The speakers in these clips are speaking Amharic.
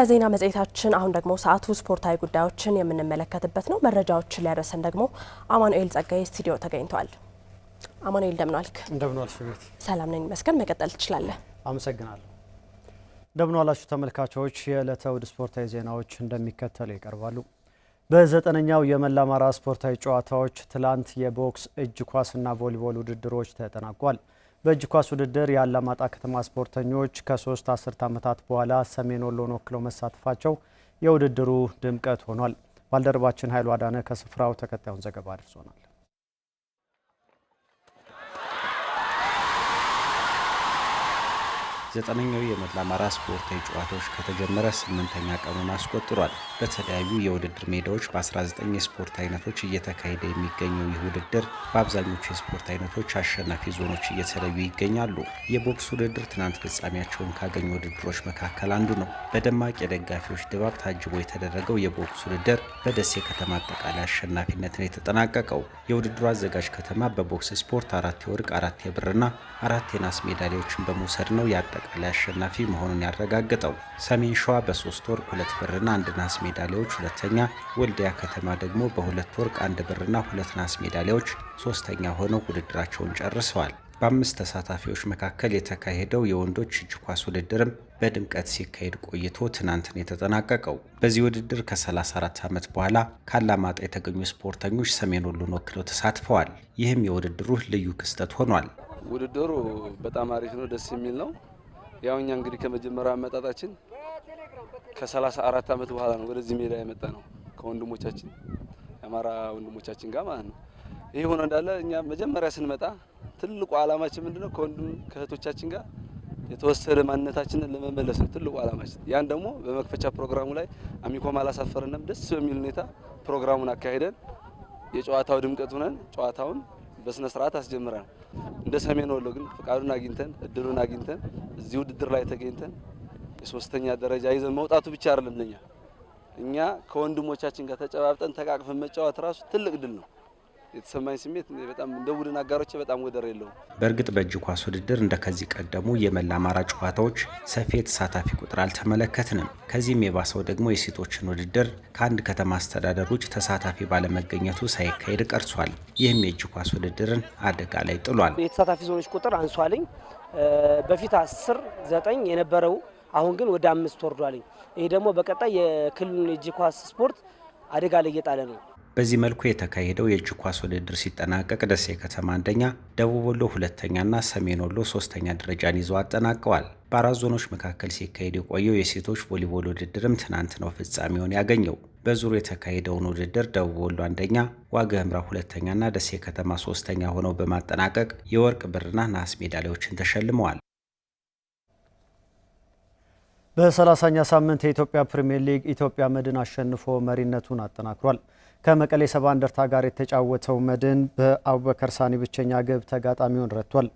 በዜና መጽሔታችን አሁን ደግሞ ሰዓቱ ስፖርታዊ ጉዳዮችን የምንመለከትበት ነው። መረጃዎችን ሊያደርሰን ደግሞ አማኑኤል ጸጋዬ ስቱዲዮ ተገኝቷል። አማኑኤል እንደምናልክ? እንደምናልሽ ቤት። ሰላም ነኝ መስገን። መቀጠል ትችላለህ። አመሰግናለሁ። እንደምናላችሁ ተመልካቾች፣ የዕለተ እሁድ ስፖርታዊ ዜናዎች እንደሚከተሉ ይቀርባሉ። በዘጠነኛው የመላ አማራ ስፖርታዊ ጨዋታዎች ትላንት የቦክስ እጅ ኳስና ቮሊቦል ውድድሮች ተጠናቋል። በእጅ ኳስ ውድድር የአላማጣ ከተማ ስፖርተኞች ከሶስት አስርት ዓመታት በኋላ ሰሜን ወሎን ወክለው መሳተፋቸው የውድድሩ ድምቀት ሆኗል። ባልደረባችን ኃይሉ አዳነ ከስፍራው ተከታዩን ዘገባ አድርሶናል። ዘጠነኛው የመላ አማራ ስፖርታዊ ጨዋታዎች ከተጀመረ ስምንተኛ ቀኑን አስቆጥሯል። በተለያዩ የውድድር ሜዳዎች በ19 የስፖርት አይነቶች እየተካሄደ የሚገኘው ይህ ውድድር በአብዛኞቹ የስፖርት አይነቶች አሸናፊ ዞኖች እየተለዩ ይገኛሉ። የቦክስ ውድድር ትናንት ፍጻሜያቸውን ካገኙ ውድድሮች መካከል አንዱ ነው። በደማቅ የደጋፊዎች ድባብ ታጅቦ የተደረገው የቦክስ ውድድር በደሴ ከተማ አጠቃላይ አሸናፊነትን የተጠናቀቀው የውድድሩ አዘጋጅ ከተማ በቦክስ ስፖርት አራት የወርቅ አራት የብርና አራት የናስ ሜዳሊያዎችን በመውሰድ ነው ያጠ አጠቃላይ አሸናፊ መሆኑን ያረጋግጠው ሰሜን ሸዋ በሶስት ወርቅ ሁለት ብርና አንድ ናስ ሜዳሊያዎች ሁለተኛ፣ ወልዲያ ከተማ ደግሞ በሁለት ወርቅ አንድ ብርና ሁለት ናስ ሜዳሊያዎች ሶስተኛ ሆነው ውድድራቸውን ጨርሰዋል። በአምስት ተሳታፊዎች መካከል የተካሄደው የወንዶች እጅ ኳስ ውድድርም በድምቀት ሲካሄድ ቆይቶ ትናንትን የተጠናቀቀው በዚህ ውድድር ከ34 ዓመት በኋላ ካላማጣ የተገኙ ስፖርተኞች ሰሜን ወሎን ወክለው ተሳትፈዋል። ይህም የውድድሩ ልዩ ክስተት ሆኗል። ውድድሩ በጣም አሪፍ ነው፣ ደስ የሚል ነው። ያው እኛ እንግዲህ ከመጀመሪያ አመጣጣችን ከሰላሳ አራት አመት በኋላ ነው ወደዚህ ሜዳ የመጣ ነው ከወንድሞቻችን የአማራ ወንድሞቻችን ጋር ማለት ነው። ይህ ሆኖ እንዳለ እኛ መጀመሪያ ስንመጣ ትልቁ አላማችን ምንድነው? ከወንድም ከእህቶቻችን ጋር የተወሰደ ማንነታችንን ለመመለስ ነው ትልቁ አላማችን። ያን ደግሞ በመክፈቻ ፕሮግራሙ ላይ አሚኮም አላሳፈረንም። ደስ በሚል ሁኔታ ፕሮግራሙን አካሂደን የጨዋታው ድምቀት ሆነን ጨዋታውን በስነ ስርዓት አስጀምረናል። እንደ ሰሜን ወሎ ግን ፍቃዱን አግኝተን እድሉን አግኝተን እዚህ ውድድር ላይ ተገኝተን የሶስተኛ ደረጃ ይዘን መውጣቱ ብቻ አይደለም ለኛ እኛ ከወንድሞቻችን ጋር ተጨባብጠን ተቃቅፈን መጫወት ራሱ ትልቅ ድል ነው። የተሰማኝ ስሜት በጣም እንደ ቡድን አጋሮች በጣም ወደር የለውም። በእርግጥ በእጅ ኳስ ውድድር እንደ ከዚህ ቀደሙ የመላ አማራ ጨዋታዎች ሰፊ የተሳታፊ ቁጥር አልተመለከትንም። ከዚህም የባሰው ደግሞ የሴቶችን ውድድር ከአንድ ከተማ አስተዳደር ውጭ ተሳታፊ ባለመገኘቱ ሳይካሄድ ቀርሷል። ይህም የእጅ ኳስ ውድድርን አደጋ ላይ ጥሏል። የተሳታፊ ዞኖች ቁጥር አንሷልኝ። በፊት አስር ዘጠኝ የነበረው አሁን ግን ወደ አምስት ወርዷልኝ። ይህ ደግሞ በቀጣይ የክልሉን የእጅ ኳስ ስፖርት አደጋ ላይ እየጣለ ነው። በዚህ መልኩ የተካሄደው የእጅ ኳስ ውድድር ሲጠናቀቅ ደሴ ከተማ አንደኛ፣ ደቡብ ወሎ ሁለተኛና ሰሜን ወሎ ሶስተኛ ደረጃን ይዘው አጠናቀዋል። በአራት ዞኖች መካከል ሲካሄድ የቆየው የሴቶች ቮሊቦል ውድድርም ትናንት ነው ፍጻሜውን ያገኘው። በዙሩ የተካሄደውን ውድድር ደቡብ ወሎ አንደኛ፣ ዋግ ኽምራ ሁለተኛና ደሴ ከተማ ሶስተኛ ሆነው በማጠናቀቅ የወርቅ ብርና ነሐስ ሜዳሊያዎችን ተሸልመዋል። በሰላሳኛ ሳምንት የኢትዮጵያ ፕሪምየር ሊግ ኢትዮጵያ መድን አሸንፎ መሪነቱን አጠናክሯል። ከመቀሌ ሰባ እንደርታ ጋር የተጫወተው መድን በአቡበከር ሳኒ ብቸኛ ግብ ተጋጣሚውን ረቷል።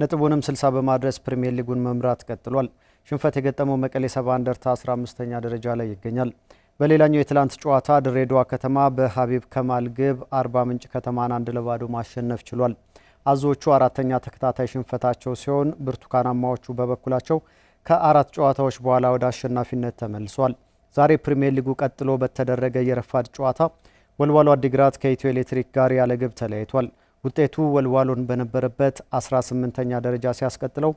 ነጥቡንም 60 በማድረስ ፕሪምየር ሊጉን መምራት ቀጥሏል። ሽንፈት የገጠመው መቀሌ ሰባ እንደርታ 15ኛ ደረጃ ላይ ይገኛል። በሌላኛው የትላንት ጨዋታ ድሬዳዋ ከተማ በሀቢብ ከማል ግብ አርባ ምንጭ ከተማን አንድ ለባዶ ማሸነፍ ችሏል። አዞዎቹ አራተኛ ተከታታይ ሽንፈታቸው ሲሆን ብርቱካናማዎቹ በበኩላቸው ከአራት ጨዋታዎች በኋላ ወደ አሸናፊነት ተመልሷል። ዛሬ ፕሪምየር ሊጉ ቀጥሎ በተደረገ የረፋድ ጨዋታ ወልዋሎ አዲግራት ከኢትዮ ኤሌክትሪክ ጋር ያለ ግብ ተለያይቷል። ውጤቱ ወልዋሎን በነበረበት 18ኛ ደረጃ ሲያስቀጥለው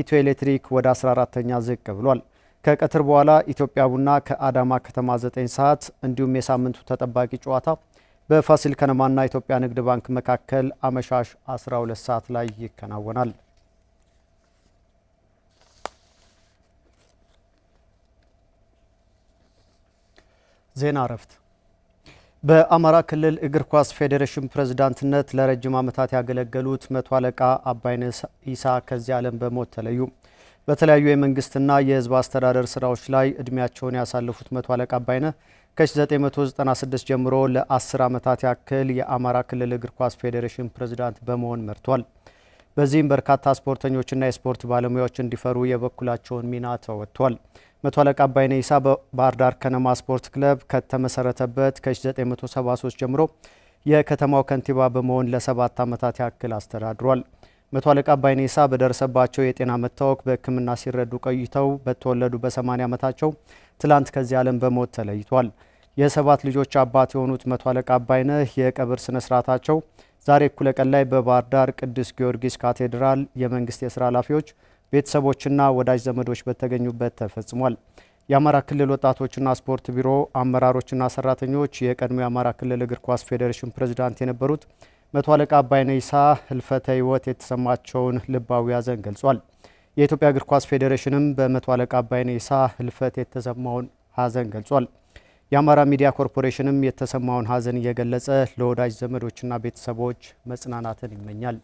ኢትዮ ኤሌክትሪክ ወደ 14ተኛ ዝቅ ብሏል። ከቀትር በኋላ ኢትዮጵያ ቡና ከአዳማ ከተማ 9 ሰዓት እንዲሁም የሳምንቱ ተጠባቂ ጨዋታ በፋሲል ከነማና ኢትዮጵያ ንግድ ባንክ መካከል አመሻሽ 12 ሰዓት ላይ ይከናወናል። ዜና እረፍት በአማራ ክልል እግር ኳስ ፌዴሬሽን ፕሬዝዳንትነት ለረጅም ዓመታት ያገለገሉት መቶ አለቃ አባይነህ ኢሳ ከዚህ ዓለም በሞት ተለዩ። በተለያዩ የመንግስትና የህዝብ አስተዳደር ስራዎች ላይ እድሜያቸውን ያሳለፉት መቶ አለቃ አባይነህ ከ1996 ጀምሮ ለ10 ዓመታት ያክል የአማራ ክልል እግር ኳስ ፌዴሬሽን ፕሬዝዳንት በመሆን መርቷል። በዚህም በርካታ ስፖርተኞችና የስፖርት ባለሙያዎች እንዲፈሩ የበኩላቸውን ሚና ተወጥቷል። መቶ አለቃ አባይነህ ይሳ በባህር ዳር ከነማ ስፖርት ክለብ ከተመሰረተበት ከ1973 ጀምሮ የከተማው ከንቲባ በመሆን ለሰባት ዓመታት ያክል አስተዳድሯል። መቶ አለቃ አባይነህ ይሳ በደረሰባቸው የጤና መታወክ በሕክምና ሲረዱ ቆይተው በተወለዱ በ80 ዓመታቸው ትላንት ከዚህ ዓለም በሞት ተለይቷል። የሰባት ልጆች አባት የሆኑት መቶ አለቃ አባይነህ የቀብር ስነ ስርዓታቸው ዛሬ እኩለ ቀን ላይ በባህር ዳር ቅዱስ ጊዮርጊስ ካቴድራል የመንግስት የስራ ኃላፊዎች ቤተሰቦችና ወዳጅ ዘመዶች በተገኙበት ተፈጽሟል። የአማራ ክልል ወጣቶችና ስፖርት ቢሮ አመራሮችና ሰራተኞች የቀድሞ የአማራ ክልል እግር ኳስ ፌዴሬሽን ፕሬዚዳንት የነበሩት መቶ አለቃ አባይነህ ህልፈተ ህይወት የተሰማቸውን ልባዊ ሐዘን ገልጿል። የኢትዮጵያ እግር ኳስ ፌዴሬሽንም በመቶ አለቃ አባይነህ ህልፈት የተሰማውን ሐዘን ገልጿል። የአማራ ሚዲያ ኮርፖሬሽንም የተሰማውን ሐዘን እየገለጸ ለወዳጅ ዘመዶችና ቤተሰቦች መጽናናትን ይመኛል።